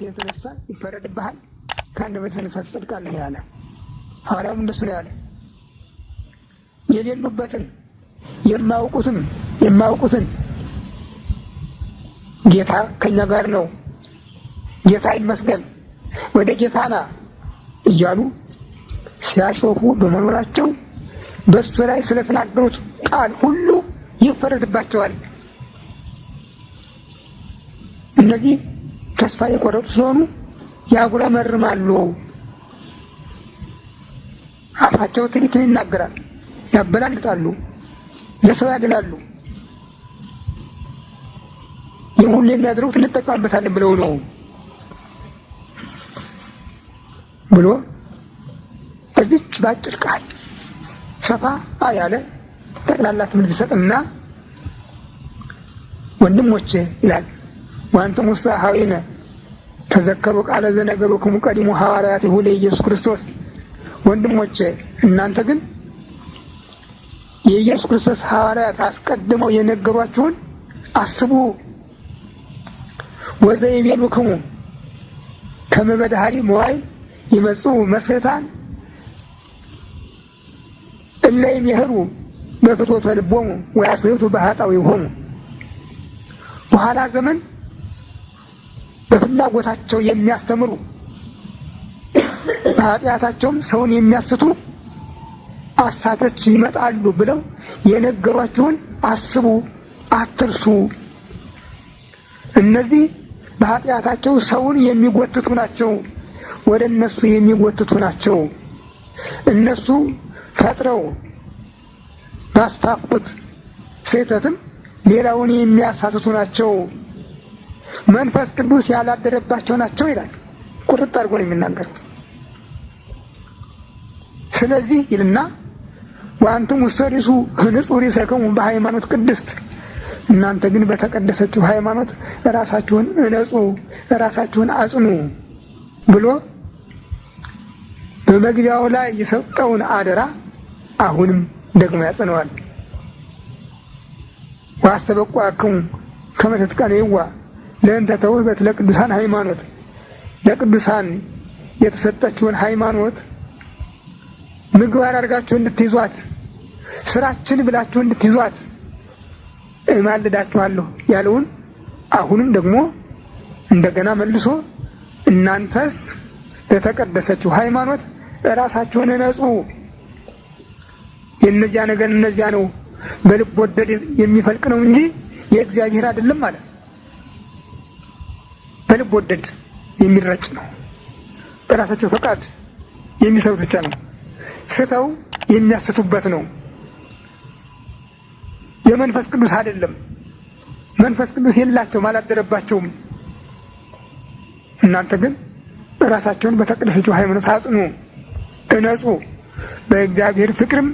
ከእምነት የተነሳ ይፈረድብሃል፣ ከአንደበት የተነሳ ትጸድቃለህ ያለ ሐዋርያውም እንደሱ ነው ያለ። የሌሉበትን የማያውቁትም የማያውቁትን ጌታ ከኛ ጋር ነው፣ ጌታ ይመስገን፣ ወደ ጌታና እያሉ ሲያሾፉ በመኖራቸው በእሱ ላይ ስለተናገሩት ቃል ሁሉ ይፈረድባቸዋል። እነዚህ ተስፋ የቆረጡ ስለሆኑ ያጉረመርማሉ። አፋቸው ትንትን ይናገራል፣ ያበላልጣሉ፣ ለሰው ያደላሉ። ይህ የሚያደርጉት እንጠቀምበታለን ብለው ነው ብሎ በዚች ባጭር ቃል ሰፋ ያለ ጠቅላላ ትምህርት ይሰጥና ወንድሞቼ ይላል ዋንቱም ሳሐዊነ ተዘከሩ ቃለ ዘነገበክሙ ቀዲሙ ሐዋርያቲሁ ለኢየሱስ ክርስቶስ። ወንድሞቼ እናንተ ግን የኢየሱስ ክርስቶስ ሐዋርያት አስቀድመው የነገሯችሁን አስቡ። ወዘ ወዘይቤሉክሙ ከመ በዳህሪ መዋዕል ይመጽኡ መስሕታን እለ ይምህሩ በፍትወተ ልቦሙ ወያስሕቱ ባህታዊሆሙ በኋላ ዘመን በፍላጎታቸው የሚያስተምሩ በኃጢአታቸውም ሰውን የሚያስቱ አሳቾች ይመጣሉ ብለው የነገሯችሁን አስቡ፣ አትርሱ። እነዚህ በኃጢአታቸው ሰውን የሚጎትቱ ናቸው፣ ወደ እነሱ የሚጎትቱ ናቸው። እነሱ ፈጥረው ባስፋፉት ስህተትም ሌላውን የሚያሳትቱ ናቸው። መንፈስ ቅዱስ ያላደረባቸው ናቸው ይላል። ቁርጥ አድርጎ ነው የሚናገረው። ስለዚህ ይልና ወአንቱም ውስተ ንጹሕ ርእሰክሙ በሃይማኖት ቅድስት፣ እናንተ ግን በተቀደሰችው ሃይማኖት ራሳችሁን እነጹ፣ ራሳችሁን አጽኑ ብሎ በመግቢያው ላይ የሰጠውን አደራ አሁንም ደግሞ ያጽነዋል። ዋስተበቁአክሙ ከመ ይዋ ለእንተ ተውህበት ለቅዱሳን ሃይማኖት ለቅዱሳን የተሰጠችውን ሃይማኖት ምግባር አድርጋችሁ እንድትይዟት ስራችን ብላችሁ እንድትይዟት እማልዳችኋለሁ ያለውን አሁንም ደግሞ እንደገና መልሶ እናንተስ ለተቀደሰችው ሃይማኖት እራሳችሁን እነጹ። የእነዚያ ነገር እነዚያ ነው፣ በልብ ወደድ የሚፈልቅ ነው እንጂ የእግዚአብሔር አይደለም ማለት በልብ ወደድ የሚረጭ ነው። በራሳቸው ፈቃድ የሚሰሩት ብቻ ነው። ስተው የሚያስቱበት ነው። የመንፈስ ቅዱስ አይደለም። መንፈስ ቅዱስ የላቸውም፣ አላደረባቸውም። እናንተ ግን ራሳቸውን በተቀደሰችው ሃይማኖት አጽኑ፣ እነጹ፣ በእግዚአብሔር ፍቅርም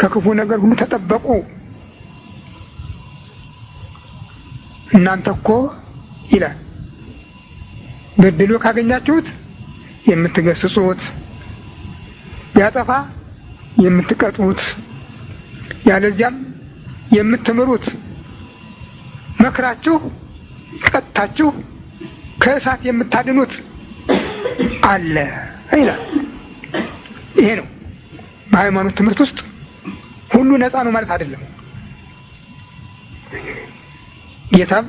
ከክፉ ነገር ሁሉ ተጠበቁ። እናንተ እኮ ይላል በድሎ ካገኛችሁት የምትገስጹት፣ ያጠፋ የምትቀጡት፣ ያለዚያም የምትምሩት መክራችሁ ቀጥታችሁ ከእሳት የምታድኑት አለ ይላል። ይሄ ነው በሃይማኖት ትምህርት ውስጥ ሁሉ ነፃ ነው ማለት አይደለም። ጌታም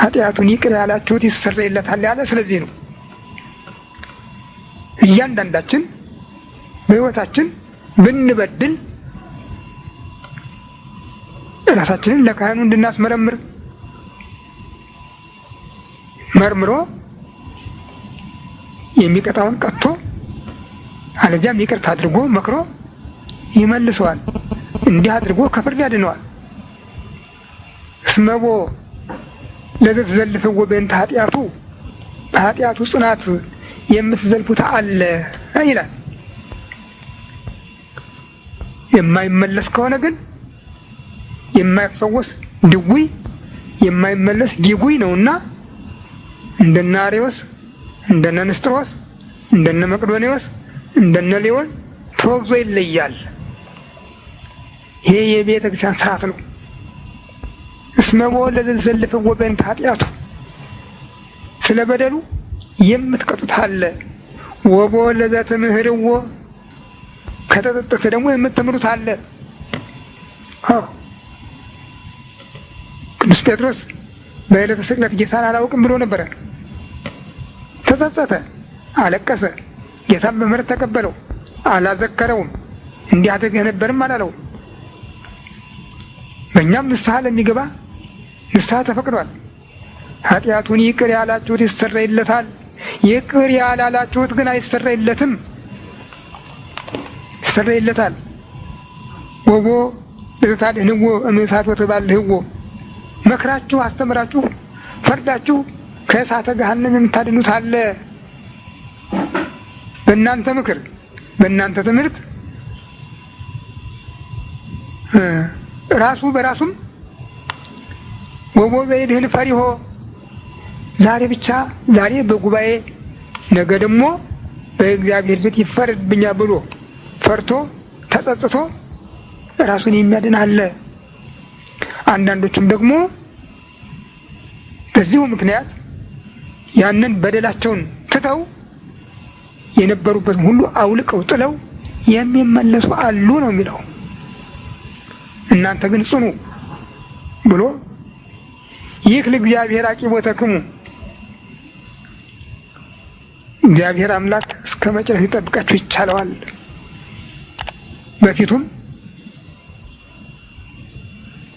ኃጢአቱን ይቅር ያላችሁት ይሰረይለታል ያለ ስለዚህ ነው። እያንዳንዳችን በሕይወታችን ብንበድል ራሳችንን ለካህኑ እንድናስመረምር መርምሮ የሚቀጣውን ቀጥቶ አለዚያም ይቅርታ አድርጎ መክሮ ይመልሰዋል። እንዲህ አድርጎ ከፍርድ ያድነዋል። እስመቦ ለዘትዘልፍዎ በእንተ ኃጢአቱ በኃጢአቱ ጽናት የምትዘልፉት አለ ይላል። የማይመለስ ከሆነ ግን የማይፈወስ ድውይ የማይመለስ ዲጉይ ነውና እንደነ አሬዎስ እንደነ ንስጥሮስ እንደነ መቅዶኔዎስ እንደነ ሌዎን ተወግዞ ይለያል። ይሄ የቤተ ክርስቲያን ስርዓት ነው። እስመቦ ለዘዘልፈው ወበን ታጥያቱ ስለ በደሉ የምትቀጡት አለ። ወቦ ለዛ ተምህርዎ ከተጠጠተ ደግሞ የምትምሩት አለ። ቅዱስ ጴጥሮስ በዕለተ ስቅለት ጌታን አላውቅም ብሎ ነበረ። ተጸጸተ፣ አለቀሰ። ጌታን በምህረት ተቀበለው። አላዘከረውም፣ እንዲህ አድርገህ ነበርም አላለው። በእኛም ንስሐ ለሚገባ ንስሐ ተፈቅዷል። ኃጢአቱን ይቅር ያላችሁት ይሰረይለታል፣ ይቅር ያላላችሁት ግን አይሰረይለትም። ይሰረይለታል። ወቦ ልትታድህንዎ እምእሳት ወትባልህዎ መክራችሁ አስተምራችሁ ፈርዳችሁ ከእሳተ ገሃነም የምታድኑት አለ። በእናንተ ምክር በእናንተ ትምህርት ራሱ በራሱም ወቦዘ ይድህል ፈሪሆ ዛሬ ብቻ ዛሬ በጉባኤ ነገ ደግሞ በእግዚአብሔር ፊት ይፈርድብኛ ብሎ ፈርቶ ተጸጽቶ ራሱን የሚያድን አለ። አንዳንዶቹም ደግሞ በዚሁ ምክንያት ያንን በደላቸውን ትተው የነበሩበት ሁሉ አውልቀው ጥለው የሚመለሱ አሉ ነው የሚለው። እናንተ ግን ጽኑ ብሎ ይህ ለእግዚአብሔር አቂቦተክሙ እግዚአብሔር አምላክ እስከ መጨረሻ ሊጠብቃችሁ ይቻለዋል። በፊቱም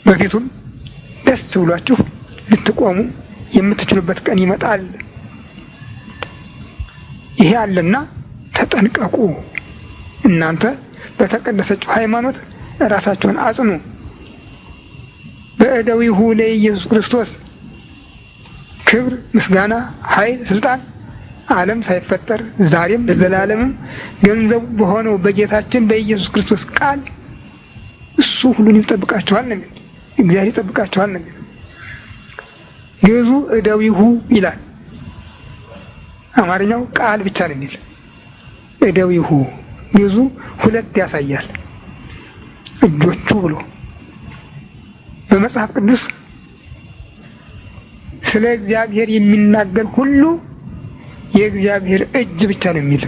በፊቱም ደስ ብሏችሁ ልትቆሙ የምትችሉበት ቀን ይመጣል። ይሄ አለና ተጠንቀቁ። እናንተ በተቀደሰችው ሃይማኖት ራሳችሁን አጽኑ። በእደዊ ሁነ ኢየሱስ ክርስቶስ ክብር፣ ምስጋና፣ ኃይል፣ ስልጣን ዓለም ሳይፈጠር ዛሬም ለዘላለምም ገንዘቡ በሆነው በጌታችን በኢየሱስ ክርስቶስ ቃል እሱ ሁሉን ይጠብቃችኋል ነው የሚል እግዚአብሔር ይጠብቃችኋል ነው የሚል ግዙ እደዊሁ ይላል። አማርኛው ቃል ብቻ ነው የሚል እደዊሁ ግዙ ሁለት ያሳያል እጆቹ ብሎ በመጽሐፍ ቅዱስ ስለ እግዚአብሔር የሚናገር ሁሉ የእግዚአብሔር እጅ ብቻ ነው የሚል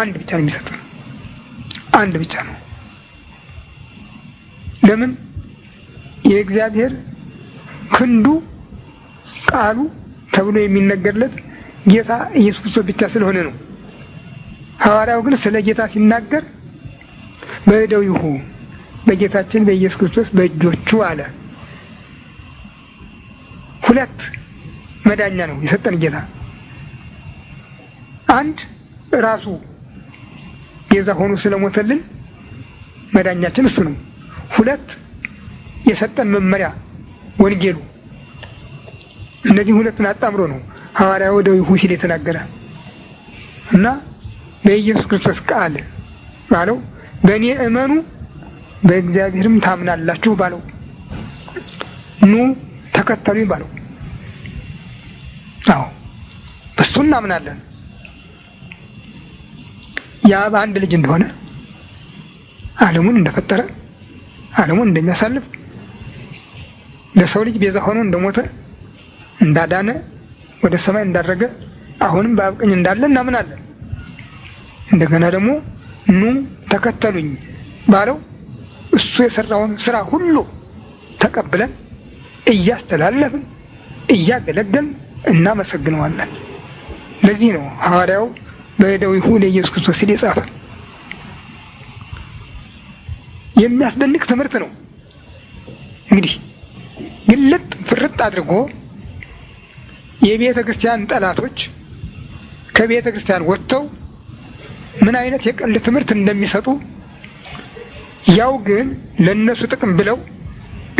አንድ ብቻ ነው የሚሰጥ አንድ ብቻ ነው። ለምን የእግዚአብሔር ክንዱ ቃሉ ተብሎ የሚነገርለት ጌታ ኢየሱስ ክርስቶስ ብቻ ስለሆነ ነው። ሐዋርያው ግን ስለ ጌታ ሲናገር ይሁን በጌታችን በኢየሱስ ክርስቶስ በእጆቹ አለ። ሁለት መዳኛ ነው የሰጠን ጌታ። አንድ ራሱ ቤዛ ሆኖ ስለሞተልን መዳኛችን እሱ ነው። ሁለት የሰጠን መመሪያ ወንጌሉ። እነዚህ ሁለቱን አጣምሮ ነው ሐዋርያው ወደ ሲል የተናገረ እና በኢየሱስ ክርስቶስ ቃል ባለው በእኔ እመኑ በእግዚአብሔርም ታምናላችሁ ባለው፣ ኑ ተከተሉኝ ባለው። አዎ እሱ እናምናለን ያ አንድ ልጅ እንደሆነ ዓለሙን እንደፈጠረ ዓለሙን እንደሚያሳልፍ ለሰው ልጅ ቤዛ ሆኖ እንደሞተ እንዳዳነ ወደ ሰማይ እንዳደረገ አሁንም በአብ ቀኝ እንዳለ እናምናለን። እንደገና ደግሞ ኑ ተከተሉኝ ባለው እሱ የሰራውን ስራ ሁሉ ተቀብለን እያስተላለፍን እያገለገልን እናመሰግነዋለን። ለዚህ ነው ሐዋርያው በሄደው ይሁን ኢየሱስ ክርስቶስ ሲል የጻፈ። የሚያስደንቅ ትምህርት ነው። እንግዲህ ግልጥ ፍርጥ አድርጎ የቤተ ክርስቲያን ጠላቶች ከቤተ ክርስቲያን ወጥተው ምን አይነት የቀልድ ትምህርት እንደሚሰጡ ያው ግን ለእነሱ ጥቅም ብለው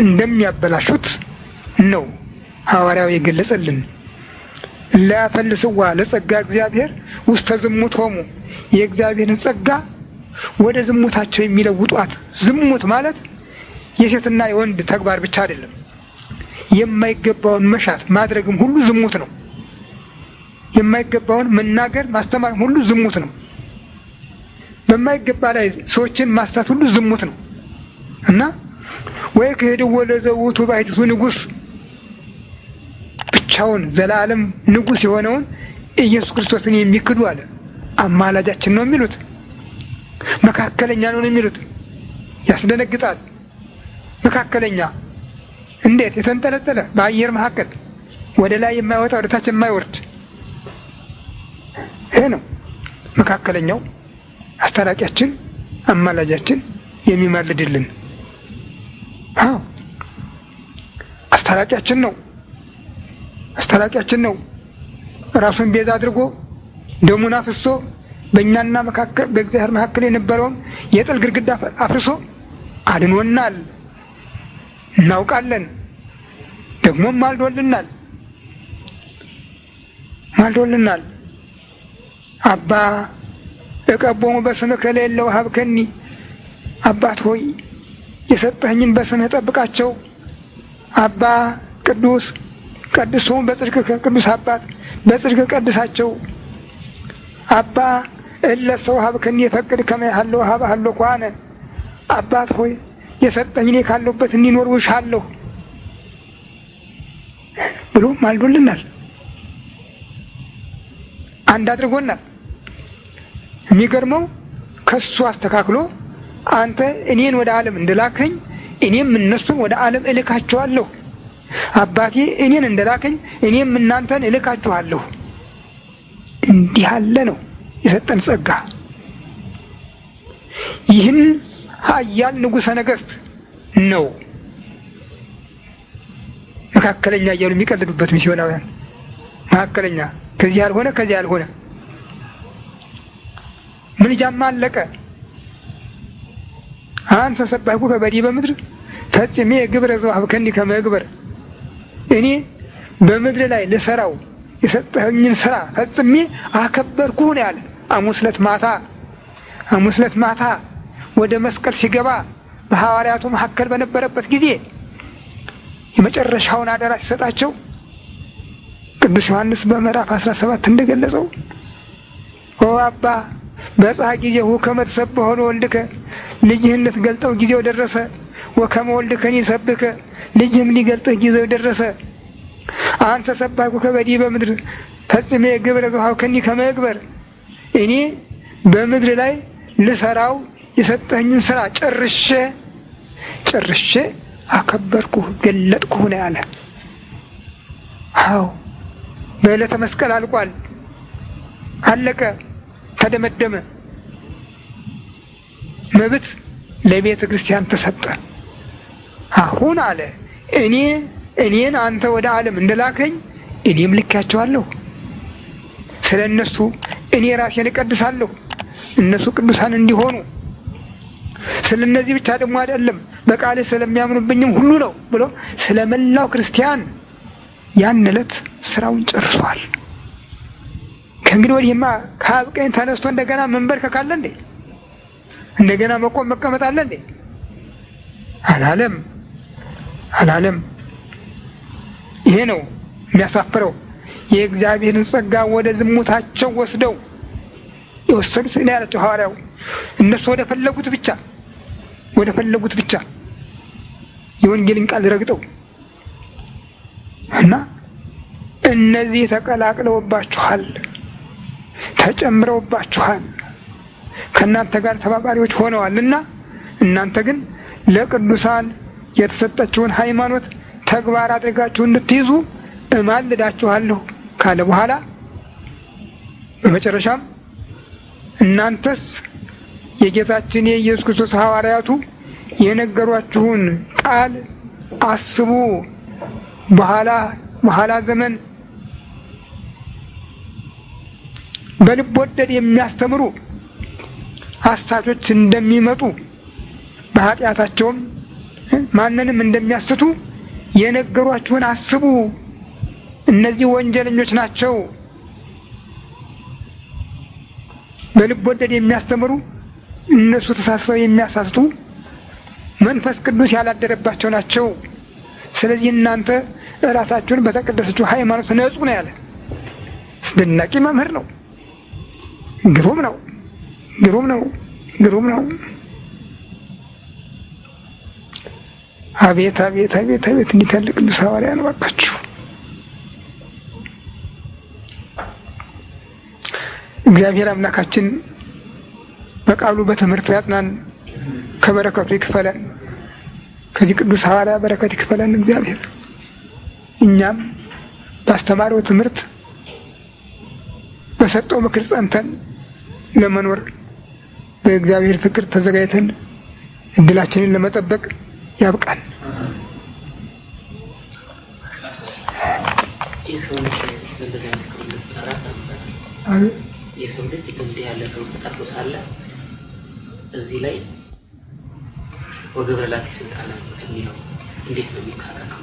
እንደሚያበላሹት ነው ሐዋርያው የገለጸልን። ላፈልስዋ ለጸጋ እግዚአብሔር ውስተ ዝሙት ሆሙ የእግዚአብሔርን ጸጋ ወደ ዝሙታቸው የሚለውጧት። ዝሙት ማለት የሴትና የወንድ ተግባር ብቻ አይደለም። የማይገባውን መሻት ማድረግም ሁሉ ዝሙት ነው። የማይገባውን መናገር ማስተማርም ሁሉ ዝሙት ነው። በማይገባ ላይ ሰዎችን ማሳት ሁሉ ዝሙት ነው እና ወይ ከሄደ ወለዘውቱ ባይቱ ንጉስ ብቻውን ዘላለም ንጉስ የሆነውን ኢየሱስ ክርስቶስን የሚክዱ አለ። አማላጃችን ነው የሚሉት፣ መካከለኛ ነው የሚሉት። ያስደነግጣል። መካከለኛ እንዴት የተንጠለጠለ በአየር መካከል ወደ ላይ የማይወጣ ወደ ታች የማይወርድ ይሄ ነው መካከለኛው። አስታራቂያችን፣ አማላጃችን የሚማልድልን አዎ አስታራቂያችን ነው። አስታራቂያችን ነው። ራሱን ቤዛ አድርጎ ደሙን አፍሶ በእኛና መካከል በእግዚአብሔር መካከል የነበረውን የጥል ግድግዳ አፍርሶ አድኖናል። እናውቃለን። ደግሞም ማልዶልናል ማልዶልናል አባ የቀቦሙ በስምህ ከሌለው ሀብከኒ አባት ሆይ የሰጠኝን በስምህ ጠብቃቸው። አባ ቅዱስ ቀድሶም በጽድቅ ቅዱስ አባት በጽድቅ ቀድሳቸው። አባ እለሰው ሀብከኒ የፈቅድ ከመያለው ያለው ሀብ አለው ኳነ አባት ሆይ የሰጠኝን ካለሁበት እንዲኖር ውሻለሁ ብሎ ማልዶልናል። አንድ አድርጎናል። የሚገርመው ከሱ አስተካክሎ አንተ እኔን ወደ ዓለም እንደላከኝ እኔም እነሱን ወደ ዓለም እልካችኋለሁ፣ አባቴ እኔን እንደላከኝ እኔም እናንተን እልካችኋለሁ። እንዲህ አለ ነው የሰጠን ጸጋ። ይህን ኃያል ንጉሠ ነገሥት ነው መካከለኛ እያሉ የሚቀልዱበት ሚስዮናውያን። መካከለኛ ከዚህ ያልሆነ ከዚህ ያልሆነ ምልጃማ አለቀ። አንተ ሰባይኩ ከበዲ በምድር ፈጽሜ የግብረ ዘዋብ ከኒ ከመግበር እኔ በምድር ላይ ልሰራው የሰጠኝን ስራ ፈጽሜ አከበርኩህ ነው ያለ። ሐሙስ ዕለት ማታ ሐሙስ ዕለት ማታ ወደ መስቀል ሲገባ በሐዋርያቱ መካከል በነበረበት ጊዜ የመጨረሻውን አደራ ሲሰጣቸው ቅዱስ ዮሐንስ በምዕራፍ 17 እንደገለጸው ኦ አባ ጊዜ በፀሐ ጊዜሁ ከመትሰብሖ ወልድከ ልጅህን ልትገልጠው ጊዜው ደረሰ። ወከመ ወልድከኒ ሰብከ ልጅህም ሊገልጥህ ጊዜው ደረሰ። አንተ ሰባኩከ በዲበ በምድር ፈጽሜ ግብረ ዘውሃብከኒ ከኒ ከመግበር እኔ በምድር ላይ ልሰራው የሰጠኝን ስራ ጨርሼ ጨርሼ አከበርኩህ ገለጥኩህ ነው ያለ። አዎ በዕለተ መስቀል አልቋል፣ አለቀ። ተደመደመ። መብት ለቤተ ክርስቲያን ተሰጠ። አሁን አለ እኔ እኔን አንተ ወደ ዓለም እንደላከኝ እኔም ልኬያቸዋለሁ። ስለ እነሱ እኔ ራሴን እቀድሳለሁ፣ እነሱ ቅዱሳን እንዲሆኑ። ስለ እነዚህ ብቻ ደግሞ አይደለም በቃልህ ስለሚያምኑብኝም ሁሉ ነው ብሎ ስለ መላው ክርስቲያን ያን ዕለት ስራውን ጨርሷል። ከእንግዲህ ወዲህማ ከአብ ቀኝ ተነስቶ እንደገና መንበርከክ አለ እንዴ? እንደገና መቆም መቀመጥ አለ እንዴ? አላለም አላለም። ይሄ ነው የሚያሳፍረው። የእግዚአብሔርን ጸጋ ወደ ዝሙታቸው ወስደው የወሰዱት ነው ያላቸው ሐዋርያው። እነሱ ወደ ፈለጉት ብቻ ወደ ፈለጉት ብቻ የወንጌልን ቃል ረግጠው እና እነዚህ ተቀላቅለውባችኋል። ተጨምረውባችኋል፣ ከእናንተ ጋር ተባባሪዎች ሆነዋልና እናንተ ግን ለቅዱሳን የተሰጠችውን ሃይማኖት ተግባር አድርጋችሁ እንድትይዙ እማልዳችኋለሁ ካለ በኋላ በመጨረሻም እናንተስ የጌታችን የኢየሱስ ክርስቶስ ሐዋርያቱ የነገሯችሁን ቃል አስቡ። በኋላ በኋላ ዘመን በልብ ወደድ የሚያስተምሩ አሳቾች እንደሚመጡ በኃጢአታቸውም ማንንም እንደሚያስቱ የነገሯችሁን አስቡ። እነዚህ ወንጀለኞች ናቸው። በልብ ወደድ የሚያስተምሩ እነሱ ተሳስበው የሚያሳስቱ መንፈስ ቅዱስ ያላደረባቸው ናቸው። ስለዚህ እናንተ ራሳችሁን በተቀደሰችው ሃይማኖት ነጹ ነው ያለ። አስደናቂ መምህር ነው። ግሩም ነው፣ ግሩም ነው፣ ግሩም ነው። አቤት አቤት አቤት አቤት! እንዲህ ቅዱስ ሐዋርያ ነው። እባካችሁ እግዚአብሔር አምላካችን በቃሉ በትምህርቱ ያጽናን፣ ከበረከቱ ይክፈለን። ከዚህ ቅዱስ ሐዋርያ በረከት ይክፈለን እግዚአብሔር። እኛም ባስተማረው ትምህርት በሰጠው ምክር ጸንተን ለመኖር በእግዚአብሔር ፍቅር ተዘጋጅተን እድላችንን ለመጠበቅ ያብቃል። የሰው ልጅ እንዲህ ያለ ሰው ተጠርቶ ሳለ እዚህ ላይ ወገበላ ስልጣና የሚለው እንዴት ነው የሚታረቀው?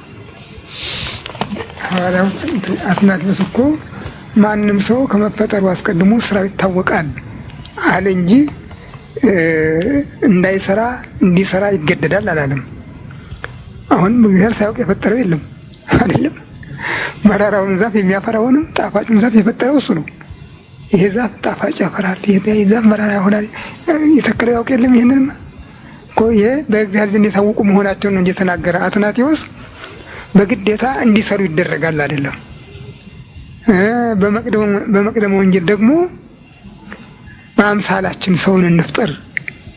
ሐዋርያው አትናቴዎስ እኮ ማንም ሰው ከመፈጠሩ አስቀድሞ ስራው ይታወቃል። አለ እንጂ እንዳይሰራ እንዲሰራ ይገደዳል አላለም። አሁን እግዚአብሔር ሳያውቅ የፈጠረው የለም አይደለም። መራራውን ዛፍ የሚያፈራውንም ጣፋጩን ዛፍ የፈጠረው እሱ ነው። ይሄ ዛፍ ጣፋጭ ያፈራል፣ ይሄ ዛፍ መራራ ይሆናል የተከለው ያውቅ የለም። ይህንን እኮ ይሄ በእግዚአብሔር ዘንድ የታወቁ መሆናቸውን ነው እንደተናገረ አትናቴዎስ በግዴታ እንዲሰሩ ይደረጋል አይደለም። በመቅደመ ወንጌል ደግሞ በአምሳላችን ሰውን እንፍጠር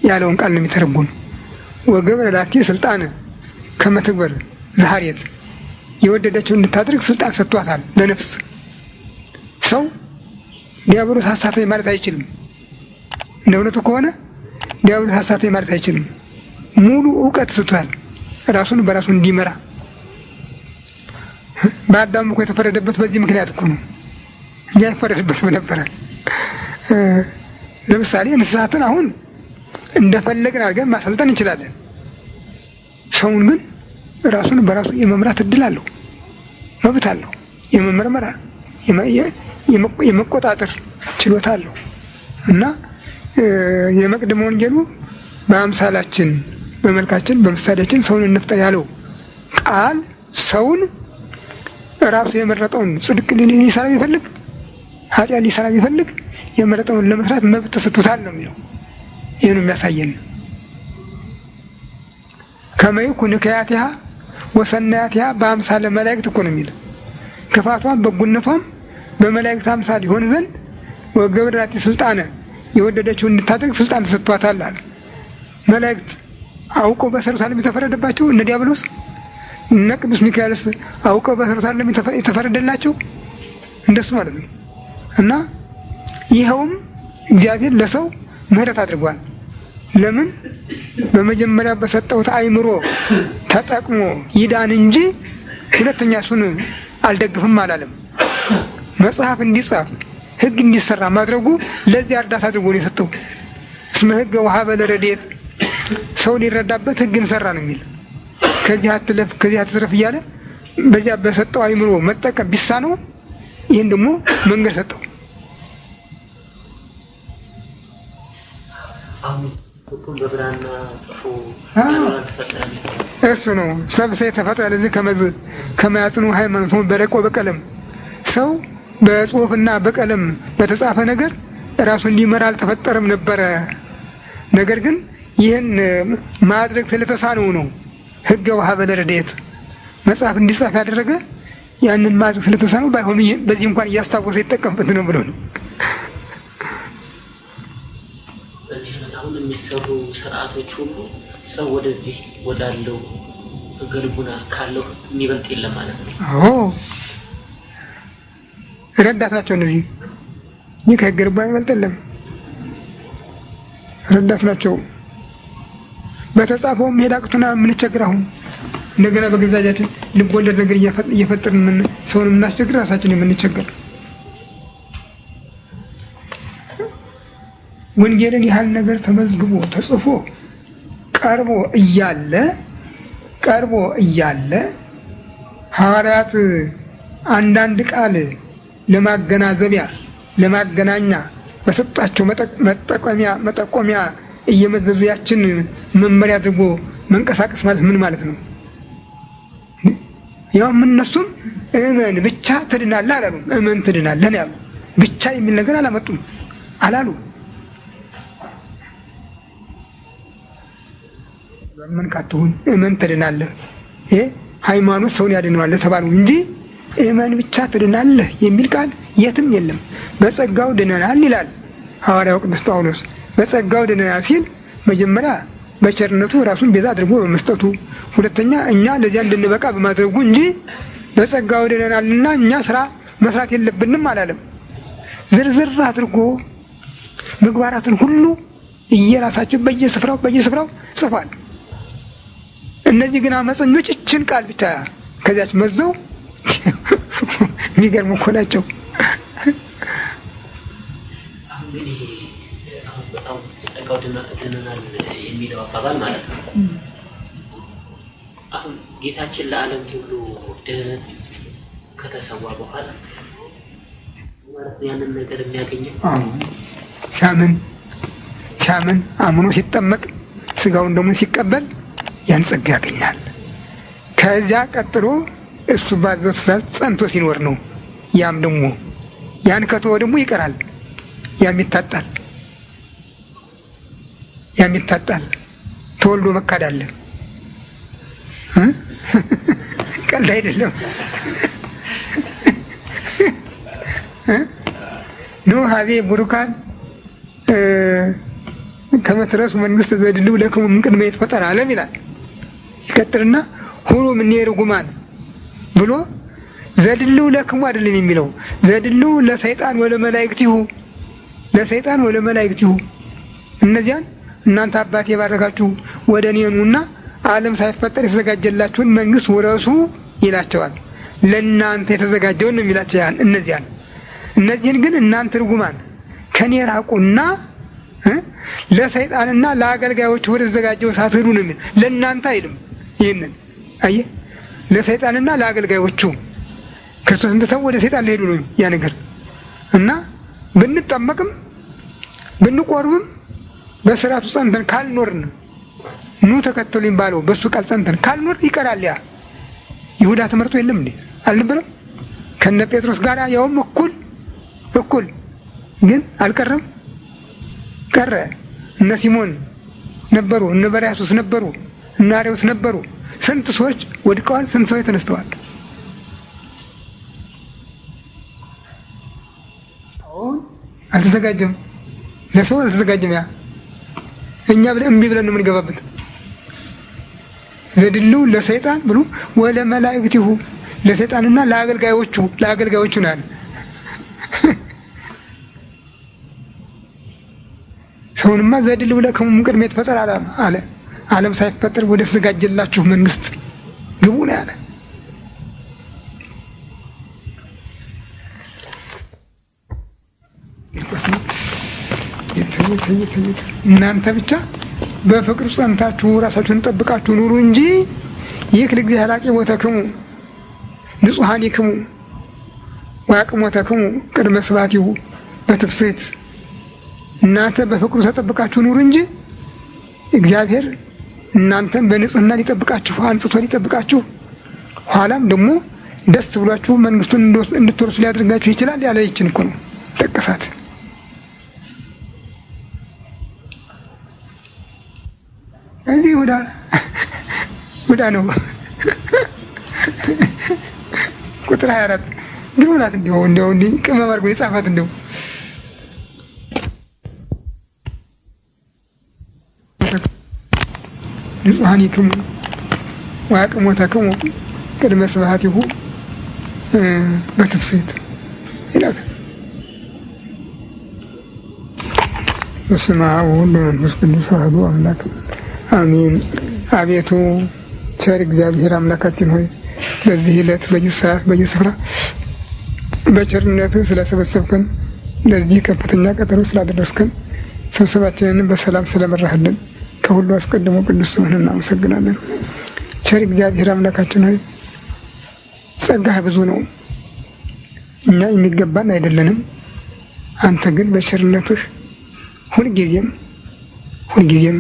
ያለውን ቃል ነው የሚተረጉም። ወገብረ ላቲ ስልጣን ከመትግበር ዛሬት የወደደችው እንድታደርግ ስልጣን ሰጥቷታል ለነፍስ። ሰው ዲያብሎስ አሳተኝ ማለት አይችልም። እንደ እውነቱ ከሆነ ዲያብሎስ አሳተኝ ማለት አይችልም። ሙሉ እውቀት ስቷል፣ ራሱን በራሱ እንዲመራ። በአዳም እኮ የተፈረደበት በዚህ ምክንያት እኮ ነው። እኛ ይፈረድበት ነበረ። ለምሳሌ እንስሳትን አሁን እንደፈለግን አድርገን ማሰልጠን እንችላለን። ሰውን ግን ራሱን በራሱ የመምራት እድል አለው፣ መብት አለው፣ የመመርመር የመቆጣጠር ችሎታ አለው እና የመቅደም ወንጌሉ በአምሳላችን በመልካችን በምሳሌያችን ሰውን እንፍጠር ያለው ቃል ሰውን ራሱ የመረጠውን ጽድቅ ሊሰራ ቢፈልግ ኃጢአት ሊሰራ ቢፈልግ የመረጠውን ለመስራት መብት ተሰጥቶታል ነው የሚለው። ይህን የሚያሳየን ከመይኩን ከያቲያ ወሰናያቲያ በአምሳለ መላእክት እኮ ነው የሚል ክፋቷም በጎነቷም በመላእክት አምሳል ሊሆን ዘንድ ወገብራቲ ስልጣነ የወደደችውን እንድታጠቅ ስልጣን ተሰጥቷታል አለ። መላእክት አውቆ በኢየሩሳሌም የተፈረደባቸው እነ ዲያብሎስ እነ ቅዱስ ሚካኤልስ አውቀው በኢየሩሳሌም የተፈረደላቸው እንደሱ ማለት ነው እና ይኸውም እግዚአብሔር ለሰው ምህረት አድርጓል። ለምን? በመጀመሪያ በሰጠሁት አይምሮ ተጠቅሞ ይዳን እንጂ ሁለተኛ እሱን አልደግፍም አላለም። መጽሐፍ እንዲጻፍ ህግ እንዲሰራ ማድረጉ ለዚያ እርዳታ አድርጎ ነው የሰጠው። እስመ ህገ ወሀበ ለረድኤት ሰው ሊረዳበት ህግ እንሰራ ነው የሚል ከዚህ አትለፍ ከዚህ አትስረፍ እያለ በዚያ በሰጠው አእምሮ መጠቀም ቢሳ ነው። ይህን ደግሞ መንገድ ሰጠው። እሱ ነው ሰብሰ ተፈጥሯል። እዚህ ከመዝ ከማያጽኑ ሃይማኖት በረቆ በቀለም ሰው በጽሁፍና በቀለም በተጻፈ ነገር ራሱን ሊመራ አልተፈጠረም ነበረ። ነገር ግን ይህን ማድረግ ስለተሳነው ነው ህገ ወሀበ ለረድኤት መጽሐፍ እንዲጻፍ ያደረገ ያንን ማድረግ ስለተሳነው፣ ባይሆን በዚህ እንኳን እያስታወሰ ይጠቀምበት ነው ብሎ ነው። የሚሰሩ ስርዓቶች ሁሉ ሰው ወደዚህ ወዳለው ህገ ካለው የሚበልጥ የለም ማለት ነው። ረዳት ናቸው እነዚህ። ይህ ከህገ ልቡና የሚበልጥ የለም፣ ረዳት ናቸው። በተጻፈውም መሄድ አቅቶና የምንቸግር አሁን እንደገና በገዛጃችን ልብ ወለድ ነገር እየፈጠርን ሰውን የምናስቸግር ራሳችን የምንቸገር ወንጌልን ያህል ነገር ተመዝግቦ ተጽፎ ቀርቦ እያለ ቀርቦ እያለ ሐዋርያት አንዳንድ ቃል ለማገናዘቢያ ለማገናኛ በሰጣቸው መጠቆሚያ መጠቆሚያ እየመዘዙ ያችን መመሪያ አድርጎ መንቀሳቀስ ማለት ምን ማለት ነው? ያውም እነሱም እመን ብቻ ትድናለህ አላሉም። እመን ትድናለህ ያሉ ብቻ የሚል ነገር አላመጡም አላሉ። ምን ካትሁን እመን ትድናለህ። ይሄ ሃይማኖት ሰውን ያድነዋል ተባሉ እንጂ እመን ብቻ ትድናለህ የሚል ቃል የትም የለም። በጸጋው ድነናል ይላል ሐዋርያው ቅዱስ ጳውሎስ። በጸጋው ድነናል ሲል መጀመሪያ በቸርነቱ ራሱን ቤዛ አድርጎ በመስጠቱ፣ ሁለተኛ እኛ ለዚያ እንድንበቃ በማድረጉ እንጂ በጸጋው ድነናልና እኛ ስራ መስራት የለብንም አላለም። ዝርዝር አድርጎ ምግባራትን ሁሉ እየራሳቸው በየስፍራው በየስፍራው ጽፏል። እነዚህ ግን አመፀኞች እችን ቃል ብቻ ከዚያች መዘው የሚገርሙ እኮ ናቸው። ጸጋው ድነናል የሚለው አባባል ማለት ነው። አሁን ጌታችን ለዓለም ሁሉ ድህነት ከተሰዋ በኋላ ማለት ያንን ነገር የሚያገኘው ሲያምን ሲያምን አምኖ ሲጠመቅ ስጋውን ደግሞ ሲቀበል ያን ጸጋ ያገኛል። ከዚያ ቀጥሎ እሱ ባዘው ትእዛዝ ጸንቶ ሲኖር ነው። ያም ደግሞ ያን ከተወ ደግሞ ይቀራል፣ ያም ይታጣል፣ ያም ይታጣል። ተወልዶ መካድ አለ። ቀልድ አይደለም። ኑ ሀቤ ቡሩካን ከመትረሱ መንግስት ዘድልው ለክሙ ምንቅድመ ይትፈጠር አለም ይላል። ይቀጥልና ሁሉ ምን ጉማን ብሎ ዘድልው ለክሙ አይደለም የሚለው ዘድልው ለሰይጣን ወለ መላእክቲሁ ለሰይጣን ወለ መላእክቲሁ እነዚያን እናንተ አባቴ የባረካችሁ ወደ እኔ ኑና ዓለም ሳይፈጠር የተዘጋጀላችሁን መንግስት ውረሱ ይላቸዋል። ለእናንተ የተዘጋጀውን ነው የሚላቸው ያን እነዚያን እነዚህን ግን እናንተ ርጉማን ከኔ ራቁና ለሰይጣንና ለአገልጋዮች ወደ ተዘጋጀው ሳትሄዱ ነው የሚል ለእናንተ አይልም። ይህንን አየህ፣ ለሰይጣንና ለአገልጋዮቹ ክርስቶስ ትተው ወደ ሰይጣን ሊሄዱ ነው ያ ነገር እና ብንጠመቅም ብንቆርብም በስርዓቱ ጸንተን ካልኖርን ኑ ተከተሉ የሚባለው በእሱ ቃል ጸንተን ካልኖር ይቀራል። ያ ይሁዳ ትምህርቱ የለም እንዴ አልነበረም? ከነ ጴጥሮስ ጋር ያውም እኩል እኩል ግን አልቀረም። ቀረ እነ ሲሞን ነበሩ፣ እነ በርያሱስ ነበሩ። እና አርዮስ ነበሩ። ስንት ሰዎች ወድቀዋል፣ ስንት ሰዎች ተነስተዋል። አሁን አልተዘጋጀም፣ ለሰው አልተዘጋጀም። ያ እኛ ብለን እምቢ ብለን ነው የምንገባበት። ዘድሉ ለሰይጣን ብሉ ወለ መላእክቲሁ ለሰይጣንና ለአገልጋዮቹ ለአገልጋዮቹ ነው ያለ። ሰውንማ ዘድልው ለከሙ ተፈጠር አለ አለ ዓለም ሳይፈጠር ወደ ተዘጋጀላችሁ መንግስት ግቡ ነው ያለ። እናንተ ብቻ በፍቅር ጸንታችሁ ራሳችሁን ጠብቃችሁ ኑሩ እንጂ ይህ ቦተ ክሙ ለእግዚአብሔር አቂሞተክሙ ንጹሐኒክሙ ክሙ ቅድመ ስብሐቲሁ በትብስት እናንተ በፍቅሩ ተጠብቃችሁ ኑሩ እንጂ እግዚአብሔር እናንተን በንጽህና ሊጠብቃችሁ አንጽቶ ሊጠብቃችሁ ኋላም ደግሞ ደስ ብሏችሁ መንግስቱን እንድትወርሱ ሊያደርጋችሁ ይችላል። ያለችን እኮ ነው ጠቀሳት። እዚህ ወዳ ወዳ ነው ቁጥር 24 ግሩም ናት። እንዲያው እንዲያው ቅመም አድርጎ የጻፋት እንዲያው ንጹሐኒክሙ ወአቅሞተክሙ ቅድመ ስብሐቲሁ በትፍስሕት ይላል። በስመ አብ ወወልድ ወመንፈስ ቅዱስ አሐዱ አምላክ አሜን። አቤቱ ቸር እግዚአብሔር አምላካችን ሆይ በዚህ ዕለት፣ በዚህ ሰዓት፣ በዚህ ስፍራ በቸርነት ስለሰበሰብከን ለዚህ ከፍተኛ ቀጠሮ ስላደረስከን ስብሰባችንንም በሰላም ስለመራህልን ከሁሉ አስቀድሞ ቅዱስ ስምህን እናመሰግናለን። ቸር እግዚአብሔር አምላካችን ሆይ ጸጋህ ብዙ ነው፣ እኛ የሚገባን አይደለንም። አንተ ግን በቸርነትህ ሁልጊዜም ሁልጊዜም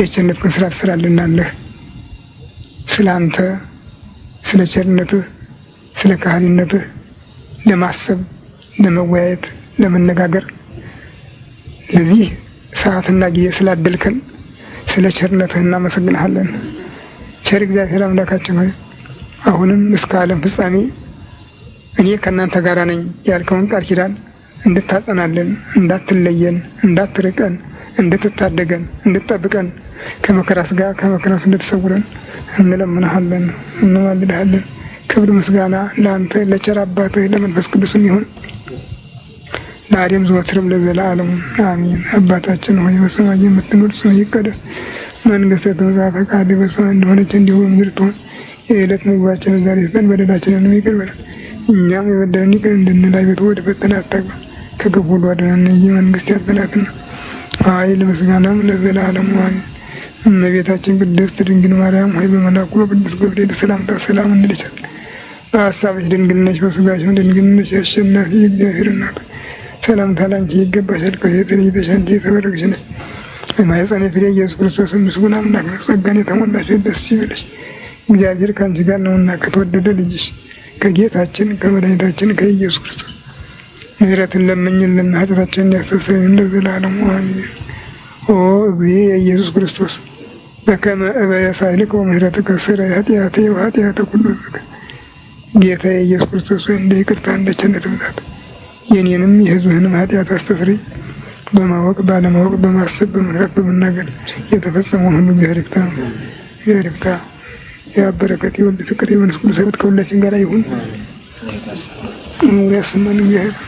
የቸርነትህን ስራ ትስራልናለህ። ስለ አንተ ስለ ቸርነትህ ስለ ካህሊነትህ ለማሰብ ለመወያየት፣ ለመነጋገር ለዚህ ሰዓትና ጊዜ ስላደልከን ስለ ቸርነትህ እናመሰግንሃለን። ቸር እግዚአብሔር አምላካችን ሆይ አሁንም እስከ ዓለም ፍጻሜ እኔ ከእናንተ ጋር ነኝ ያልከውን ቃል ኪዳን እንድታጸናለን፣ እንዳትለየን፣ እንዳትርቀን፣ እንድትታደገን፣ እንድትጠብቀን ከመከራ ስጋ ከመከራት እንድትሰውረን እንለምንሃለን፣ እንማልድሃለን። ክብር ምስጋና ለአንተ ለቸር አባትህ ለመንፈስ ቅዱስም ይሁን። ዛሬም ዘወትርም ለዘላለሙ አሚን። አባታችን ሆይ በሰማይ የምትኖር ስምህ ይቀደስ፣ መንግሥትህ ትምጣ፣ ፈቃድህ በሰማይ እንደሆነች እንዲሁ በምድር ትሁን። የዕለት ምግባችንን ዛሬ ስጠን፣ በደላችንን ይቅር በለን እኛም የበደሉንን ይቅር እንድንል፣ አቤቱ ወደ ፈተና አታግባን፣ ከክፉ ሁሉ አድነን እንጂ መንግሥት ያንተ ናትና ኃይል ምስጋናም ለዘላለሙ አሜን። እመቤታችን ቅድስት ድንግል ማርያም ሆይ በመላኩ በቅዱስ ገብርኤል ሰላምታ ሰላም እንልሻለን። በሀሳብሽ ድንግል ነሽ፣ በሥጋሽም ድንግል ነሽ። የአሸናፊ የእግዚአብሔር እናት ሰላም ታላንቺ ይገባል። ከሴት ልጅ ተሻንቺ የተባረክሽ ነሽ፣ በማኅፀንሽ ፍሬ ኢየሱስ ክርስቶስ ምስጉን አምላክ ነሽ። ጸጋን የተሞላሽ ደስ ይበልሽ፣ እግዚአብሔር ከአንቺ ጋር ነውና ከተወደደ ልጅሽ ከጌታችን ከመድኃኒታችን ከኢየሱስ ክርስቶስ ምሕረትን ለምኝልን ኃጢአታችንን ያስተሰርይልን እንደ ዘላለሙ አሜን። ኦ እግዚእ የኢየሱስ ክርስቶስ በከመ እበየሳህልከ ምሕረትከ ስረይ ኃጢአቴ ወኃጢአተ ኩሉ ሕዝብከ ጌታ የኢየሱስ ክርስቶስ ወይ እንደ ይቅርታ እንደ ቸርነት ብዛት የኔንም የህዝብህንም ኃጢአት አስተስሪ በማወቅ ባለማወቅ በማሰብ በመስራት በመናገር የተፈጸመውን ሁሉ እግዚአብሔር ይፍታ። የአበረከት የወልድ ፍቅር የመንፈስ ቅዱስ ከሁላችን ጋር ይሁን። ያስማን እግዚአብሔር